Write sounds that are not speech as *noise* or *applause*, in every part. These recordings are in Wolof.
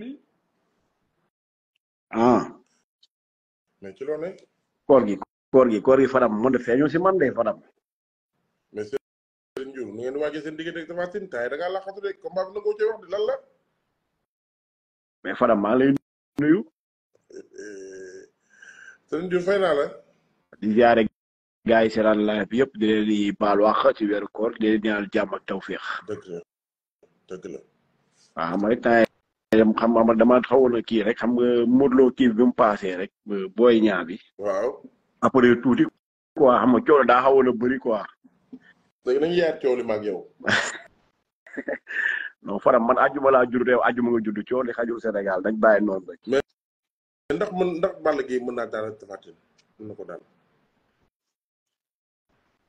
nii. ah. ci loolu nag. koor gi koor gi koor gi Fadam moo def feeñoo si man de Fadam. mais seen jur nu ngeen di seen diggante ak Tapha Tine taay da ngaa laxatu rek combat bi nangoo cee wax di lan la. mais Fadam maa ngi lay eh, eh, seen jur fay la. di ziare gars yi seetaan live bi yëpp di leen di baal koor di leen ñaanal jàmm ak tawféex. dëgg la dëgg la. waaw ah, mooy yam xam ama damaa xawoon a kii rek xam nga Modou Lo kii bi mu paasee rek booy ñaa bi. waaw après tuuti. quoi xam nga coono daa xawoon a bëri quoi. léegi nañu yaay coono ma ak yow. *laughs* non faram man àjjuma laa judd yow àjjuma nga judd coono li xajul dañ bàyyi noonu rek. mais ndax mën ndax Balla Gaye mën naa daal ko daal.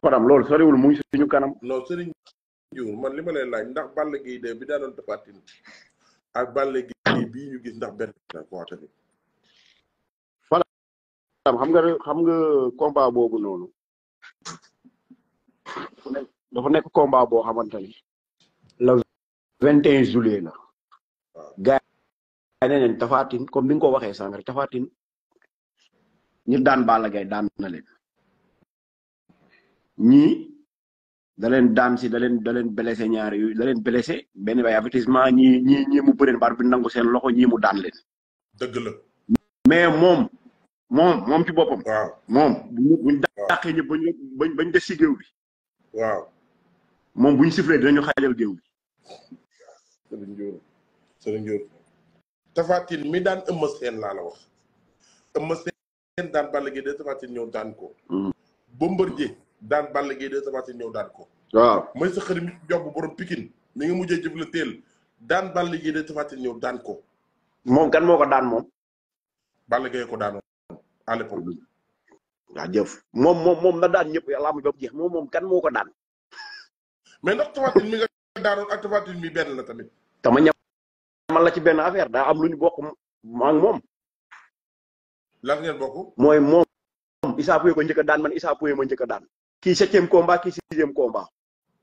faram loolu soriwul mu ngi suñu kanam. non sëriñ man li ma lay laaj ndax Balla Gaye de bi daanoon Tapha Tine ak Balla Gaye bii ñu gis ndax benn la vote bi voilà xam nga xam nga combat boobu noonu dafa nekk combat boo xamante ni le vingt et un juillet la gars yi nee nañ comme ni ko waxee sànq rek Tapha Tine ñi daan Balla Gaye daan na leen ñii dalen leen daan si dalen leen blessé ñaar yu dalen blessé ben bay avertissement ñi ñi ñi mu bëreen bar bi nangu seen loxo ñi mu dan leen deug la mais mom mom mom ci bopam waaw mom buñ dàqee ñëpp bañ bañ bañ des si géew bi waaw mom buñ sifflé dañu xajal gëw bi sëriñ Diop sëriñ Diop tafatin mi dan ëmm seen la la wax ëmm seen dan bàll gi de tafatin ñëw dan ko mm. bombardier dan balle gi de Tapha ñew ñëw daan ko waaw moy sa xarit mi job borom Pikine ni nga mujjee jëflanteel dan balle gi de Tapha ñew daan ko mom kan moko ko daan moom Balla Gaye ko daanoon à l'époque waa jëf mom mom mom na daan ñëpp yàlla mu job jeex mom mom kan moko ko daan mais nak Tapha mi nga daanoon ak Tapha mi ben la tamit tama ñam la ci ben affaire da am luñu bokk maa mom lan ngeen bokk moy mom isa Pouye ko njëkk daan man isa Pouye ma njëkk daan kii septième combat kii sixième combat.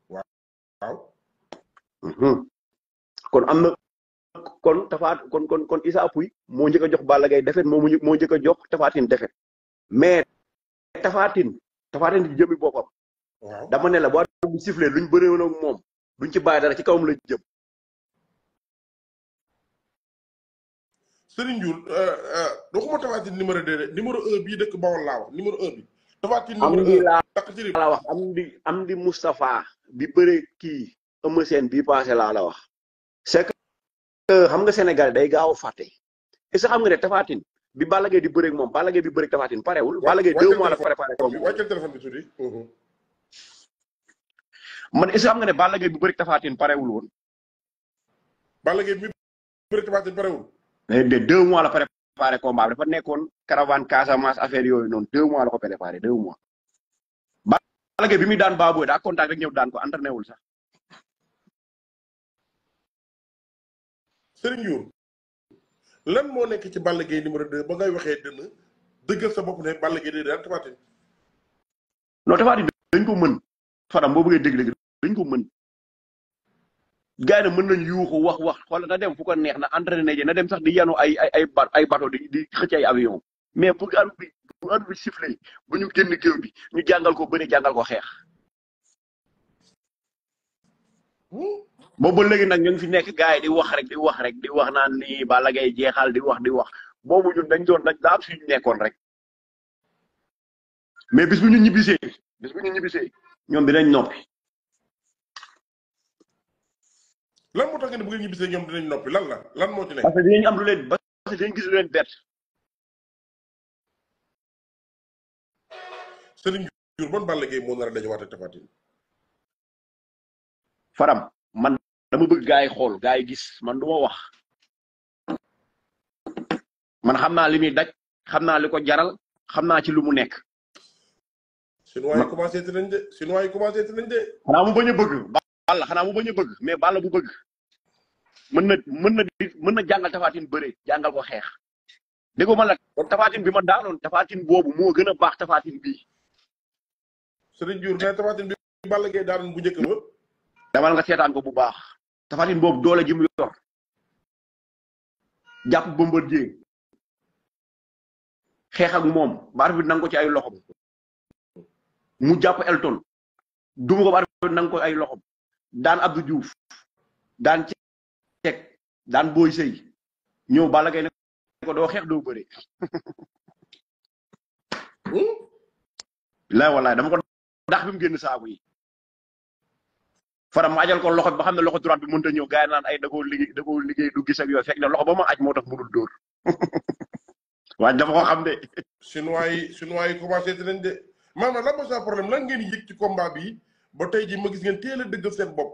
waaw. Mhm. kon am na kon tafaat kon kon kon Issa Pouye moo njëkk a jox Balla Gaye defet moo mu moo njëkk a jox tafaatin defet mais tafaatin tafaatin di jëmi boppam. dama ne la boo doon sifflé luñ bëree woon ak moom duñ ci bàyyi dara ci kawam la jëm. Serigne Diouf euh, euh, waxuma tafaatin numéro deux numéro un bii dëkk Bawol laa Amdi am bi bëre kii Eumeu Sène bi passé laa la wax c'est que xam nga Sénégal day gaaw fàtte est ce xam nga ne tafatin bi Balla di bëreeg moom Balla Gaye bi bëreeg tafatin parewul Balla Gaye deux mois la préparé moom wàccal téléphone bi tuuti man est ce xam nga bi tafatin parewul woon Balla Gaye bi tafatin parewul mais deux mois la préparé préparé combat dafa nekkoon caravane Casamance affaire yooyu noonu deux mois la ko préparé deux mois. Balla Gaye bi muy daan Baboye daa contact rek ñëw daan ko entraîné wul sax. Serigne Ndiour lan moo nekk ci Balla Gaye numéro 2 ba ngay waxee dënn dëggal sa bopp ne Balla Gaye daan Tapha Tine. non Tapha dañ ko mën Fadam boo bëggee dégg-dégg dañ ko mën. gars mën nañu yuuxu wax wax wala na dem fu ko neex na entraîné ji na dem sax di yanu ay ay ay ba ay bateau di di xëcc ay avion mais bu arbitre bi bu arbitre bu ñu génn géew bi ñu jàngal ko bëri jàngal ko xeex. boobu ba nag ñu ngi fi nekk gars yi di wax rek di wax rek di wax naan ni Balla Gaye jeexal di wax di wax boobu ñun dañ doon dañ daal suñu nekkoon rek mais bis bu ñu ñibbisee bis bu ñu ñibbisee ñoom dinañ noppi. lan moo tax nga ne bu ngeen ñibbisee lan la lan moo ci nekk. parce que dinañ am lu leen parce que leen bett. Serigne Diour ban Balla Gaye moo nar a dajawaate Tapha Tine. Faram man dama bëgg gaa yi xool gaa yi gis man du ma wax. man xam naa li muy daj xam naa li ko jaral xam naa ci lu mu nekk. Chinois yi commencé dinañ de Chinois yi commencé dinañ de. xanaa mu bañ a bëgg Balla xanaa mu bañ a bëgg mais bu bëgg. mën na mën na mën na jàngal tafaatin bëre jàngal ko xeex déggoo ma la tafaatin bi ma daanoon tafaatin boobu moo gën a baax tafaatin bii. Serigne Diour tafaatin bi Balla Gaye daanoon bu njëkk ba. damal nga seetaan ko bu baax tafaatin boobu doole ji mu yor jàpp Bombardier xeex ak moom baar bi nang ko ci ay loxom mu jàpp Elton duma ko baar bi nang ko ay loxom daan Abdou Diouf daan. teg daan booy sëy ñëw Balla Gaye ne ko doo xeex doo bëri. Hm? bilaay walaay dama ko dax bi mu génn saaku yi. Fara ma ko loxo ba xam ne loxo droite bi mënut a ñëw gars yi ay da koo liggéey da koo liggéey du gis ak yooyu loxo ba aj moo tax mënul dóor. *laughs* waaye dafa ko xam de. chinois yi chinois yi commencé dinañ de maanaam lan mooy sa problème lan ngeen yëg ci combat bi ba tey ji ma gis geen teel a dëggal seen bopp.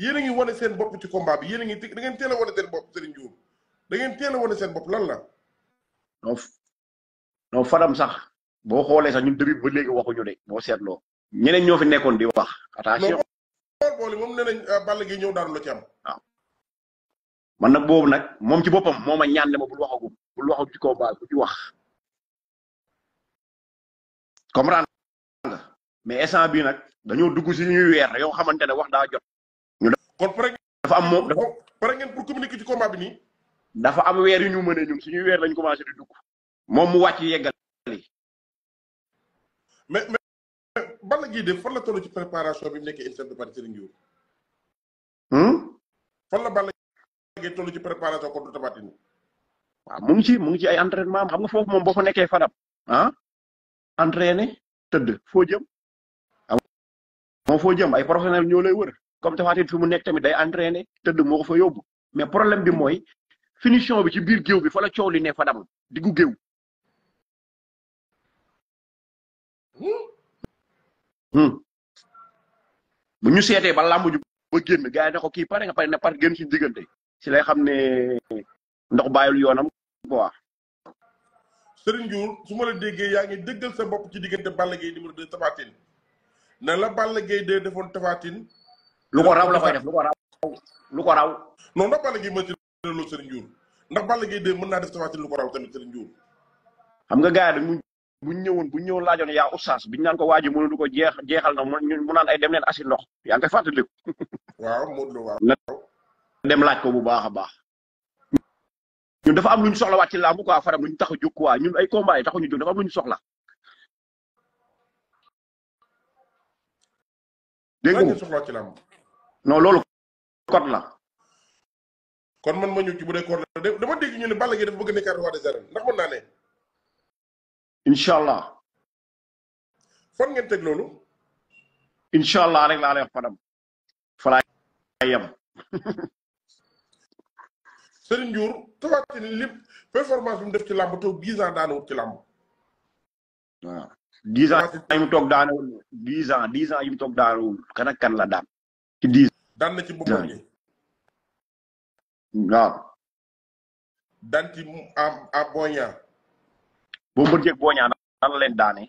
yéen a ngi seen bopp ci combat bi yéen a ngi da ngeen teel a wane seen bopp Serigne Diouf da ngeen teel a wane seen bopp lan la. non non Fadam sax boo xoolee sax ñu depuis ba léegi waxuñu de boo seetloo. ñeneen ñoo fi nekkoon di wax. attention non boole moom nee nañ euh, ñëw daanu la ci am. waaw man nag boobu nag moom ci boppam moo ma ñaan ne ma bul waxagum bul waxagum ci combat bu ci wax. comprendre nga mais instant bii nag dañoo dugg si ñuy weer yoo xamante ne wax daa jot. kon pare dafa am moom dafa pare ngeen pour communiquer ci combat bi nii. dafa am weer yu ñu mënee ñun suñuy weer lañ commencé di dugg. moom mu wàcc yeggal yi. mais mais Balla Gaye de fan la toll ci préparation bi nekkee intérêt de parti Serigne Diouf. Hmm? fan la Balla Gaye toll ci préparation contre Tapha Tine. waaw mu ci mu ngi ci ay entraînement xam nga foofu moom boo fo nekkee fadam ah entraîné tëdd foo jëm. moom foo jëm ay professionnels ñoo lay wër. comme Tapha Tine mu nekk tamit day entraîné tëdd moo ko fa yóbbu mais problème bi mooy finition bi ci biir géew bi fa la li ne fa dam diggu géew. Hmm. bu ñu seetee ba làmb ju ba génn gars yi ne ko kii pare nga pare na par génn ci diggante ci lay xam ne ndox bàyyul yoonam quoi. Serigne Ndiour su ma la déggee yaa ngi dëggal sa bopp ci diggante Balla Gaye numéro 2 Tapha Tine na la Balla Gaye 2 defoon Tapha lu ko raw la koy def lu ko raw lu ko raw non ndax Balla Gaye mën ci lu Serigne Ndiour ndax Balla Gaye de mën naa def tafatin lu ko raw tamit Serigne Ndiour xam nga gars yi dañ buñ ñëwoon buñ ñëwoon laajoon yaa oustaz biñ dem leen asi ndox yaa ngi koy fàttaliku waaw Modou Lo waaw na dem laaj ko bu baax soxla ci làmb non loolu code kon man ma ñëw ci bu dee code la dama dégg ñu ne Balla Gaye dafa bëgg a nekkaat roi des arènes ndax mën naa allah. rek laa lay wax Fadam. fa laa yem. *laughs* Serigne Ndiour Tapha Tine li performance bi def ci làmb toog dix ans daanawut ci làmb. waaw dix ans yi mu toog daanawul dix ans kan la daan ci dix dan na ci boppam ñi waaw dan ci am a boña bo mu jek boña nan la leen daane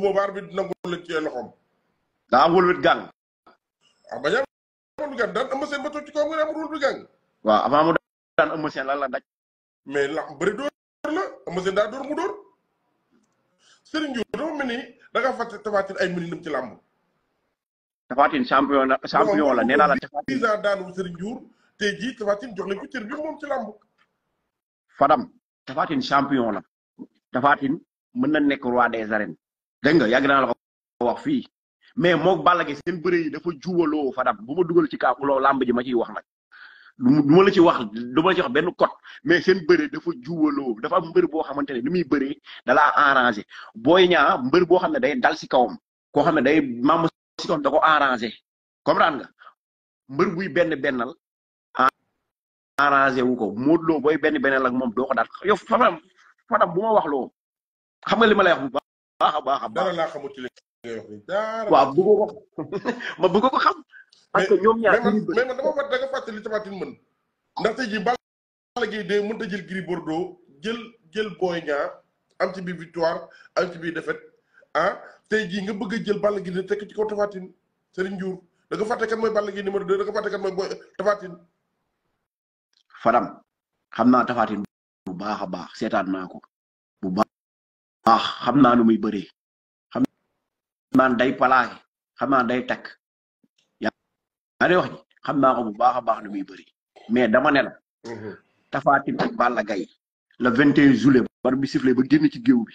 bo bar bi nangu la ci loxom da am wit gang ah bañ a wëlwit gang dan am seen bato ci ko nga am rul wëlwit gang wa avant mu dan am seen la la daj mais la bari do la am seen da door mu door Serigne Diouf dafa mel ni da nga fatte tabatil ay minimum ci lamb Tafatine champion la champion la nee naa la Tafatine. dix ans jox nañ ko cër bi moom champion la Tafatine mën na nekk roi des arènes dégg nga yàgg naa la ko fii mais moog Balla Gaye seen bëre yi dafa juwaloo Fadam bu ma dugal ci kaaku loo làmb ji ma ciy wax nag. du ma la ci wax du ma la ci wax benn code mais seen bëre dafa juwaloo dafa am mbër boo xamante ne ni muy bëree dalaa arrangé booy ñaa mbër boo xam ne day dal si kawam xam ne day maam ci doon da ko comprendre nga mbeur buy benn bennal arrangé wuko modlo boy Lo booy benn bennal ak mom doo ko daal yow Fadam Fadam bu wax lo xam nga lima lay wax bu baakha baakha dara la xamul ci lay wax dara. wa bu ko *laughs* ma bu ko xam. parce que ñom ñaar mais man dama war da nga fàttali Tapha Tine mën ndax tay ji Balla gi de mën ta jël gri Bordeaux jël jël Boy Niang am ci bi victoire am ci bi defaite ah tey jii nga bëgg a jël Balla Gaye 2 tekk ci kaw Tapha Tine Serigne Ndiour da nga fàtte kan mooy Balla Gaye numéro 2 da nga fàtte kan mooy booy Tapha Fadam xam naa Tapha bu baax a baax seetaan naa ko bu baax xam naa nu muy bëree xam day palaake xam naa day takk yaa ngi wax ji xam naa ko bu baax a baax nu muy bëri mais dama ne la. Mhm. Tapha Tine ak la Gaye le 21 juillet bar bi sifle ba génn ci géew bi.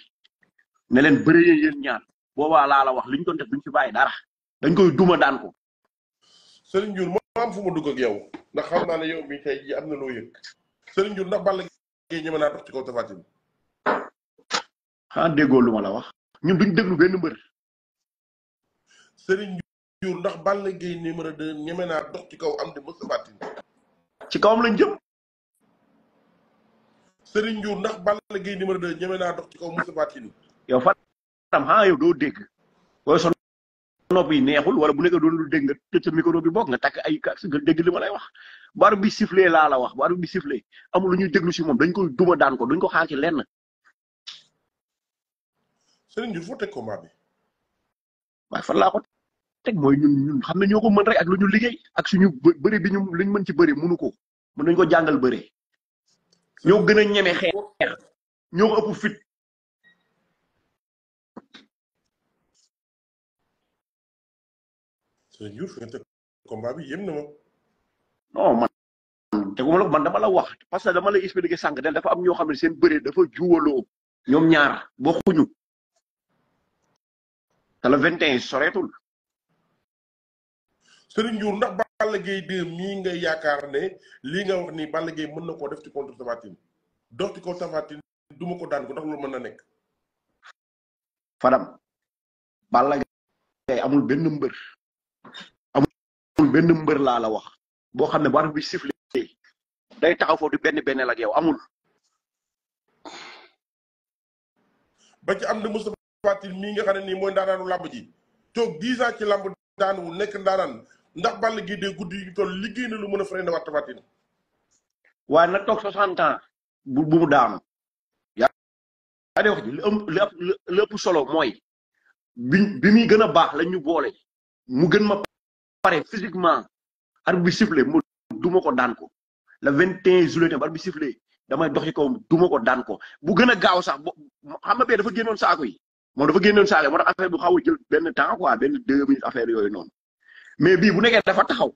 ne leen bëree yéen ñaar boobaa laa la wax liñ to doon def duñ ci bàyyi dara dañ koy duma daan ko. Serigne Ndiour moo fu ma dugg ak yow ndax xam naa ne yow mii tey jii am na loo yëg Serigne Ndiour ndax Balla Gaye ñeme naa dox ci kaw Tapha déggoo lu ma la wax ñun duñ déglu benn mbër. Serigne Ndiour ndax Balla Gaye numéro 2 ñeme naa dox ci kaw am di ba Tapha ci kawam la jëm. Serigne Ndiour ndax Balla Gaye numéro 2 ñeme naa dox ci yow Fadam ah yow doo dégg booy son nopp yi neexul wala bu nekkee doon dégg nga tëj bi bokk nga takk ay kàcc nga dégg li lay wax. bu bi sifflé laala wax bu bi sifflé amul lu ñuy déglu si moom dañ koy duma daan ko dañ ko xaar ci lenn. Serigne Diouf foo teg combat bi. waaye fan teg mooy ñun ñun xam ne ñoo ko mën rek ñu liggéey ak suñu bëri bi mën ci bëri mënu ko mën nañ ko jàngal bëri. gën a fit. Serigne Diouf fi nga teg combat bi ma. te man teguma la man dama la wax parce que dama la expliqué sànq del dafa am ñoo xam ne seen bëre dafa juwaloo ñoom ñaar bokkuñu. te le 21 soreetul. Serigne njur ndax Balla Gaye 2 nii nga yaakaar ne lii nga wax nii Balla Gaye mën na koo def ci contre Tapha Tine dox ci kaw Tapha ko daan ko ndax loolu mën na nekk. Fadam Balla Gaye amul benn mbër amul benn mbër laa la wax boo xam ne bu arbitre bi sifflé day taxaw foofu benn benn la ak amul. ba ci am na Moustapha Tine mii nga xam ne nii mooy ndaanaanu làmb ji toog dix ans ci làmb daanuwul nekk ndaanaan ndax Balla Gaye de guddi gi toll liggéey na lu mën a freiné waat Tapha Tine. waaye nag toog soixante bu bu mu daanu. yaa ngi wax ji li ëpp solo mooy bi bi muy gën a baax la ñu boole mu gën ma pare physiquement arbitre bi sifflé mu duma ko daan ko le vingt et un juillet tam arbitre bi sifflé damay dox ci kaw duma ko daan ko bu gën a gaaw sax bo xam nga bee dafa génnoon saako yi moom dafa génnoon saako yi moo tax affaire bu xaw a jël benn temps quoi benn yooyu noonu mais bii bu nekkee dafa taxaw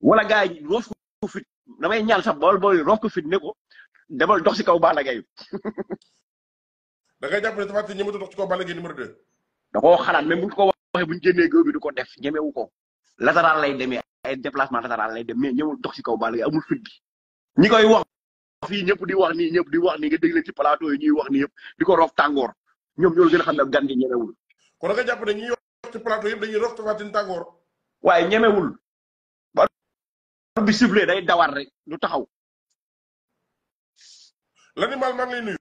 wala gars yi roof ko fit damay ñaan sax bool bool roof ko fit ne ko demal dox ci kaw Balla Gaye *laughs* da ngay jàpp ne Tapha Tine ñi mënut a dox ci kaw xalaat même bu ko waxe buñu génnee gëw bi duko def def wu ko lateral lay démé ay déplacement lateral lay démé mais dox ci kaw Balla Gaye amul fit bi ñi koy wax fi ñëpp di wax ni ñëpp di wax ni nga dégg leen ci plateau yi ñuy wax ni yëpp di rof tangor ñom ñoom ñoo gën a xam ne gan gi ñemewul kon nga japp ne ñuy wax ci plateau yëpp dañuy roof tangor waye ñëmé ñemewul ba bi sifflé day dawar rek du taxaw l'animal maa ngi lay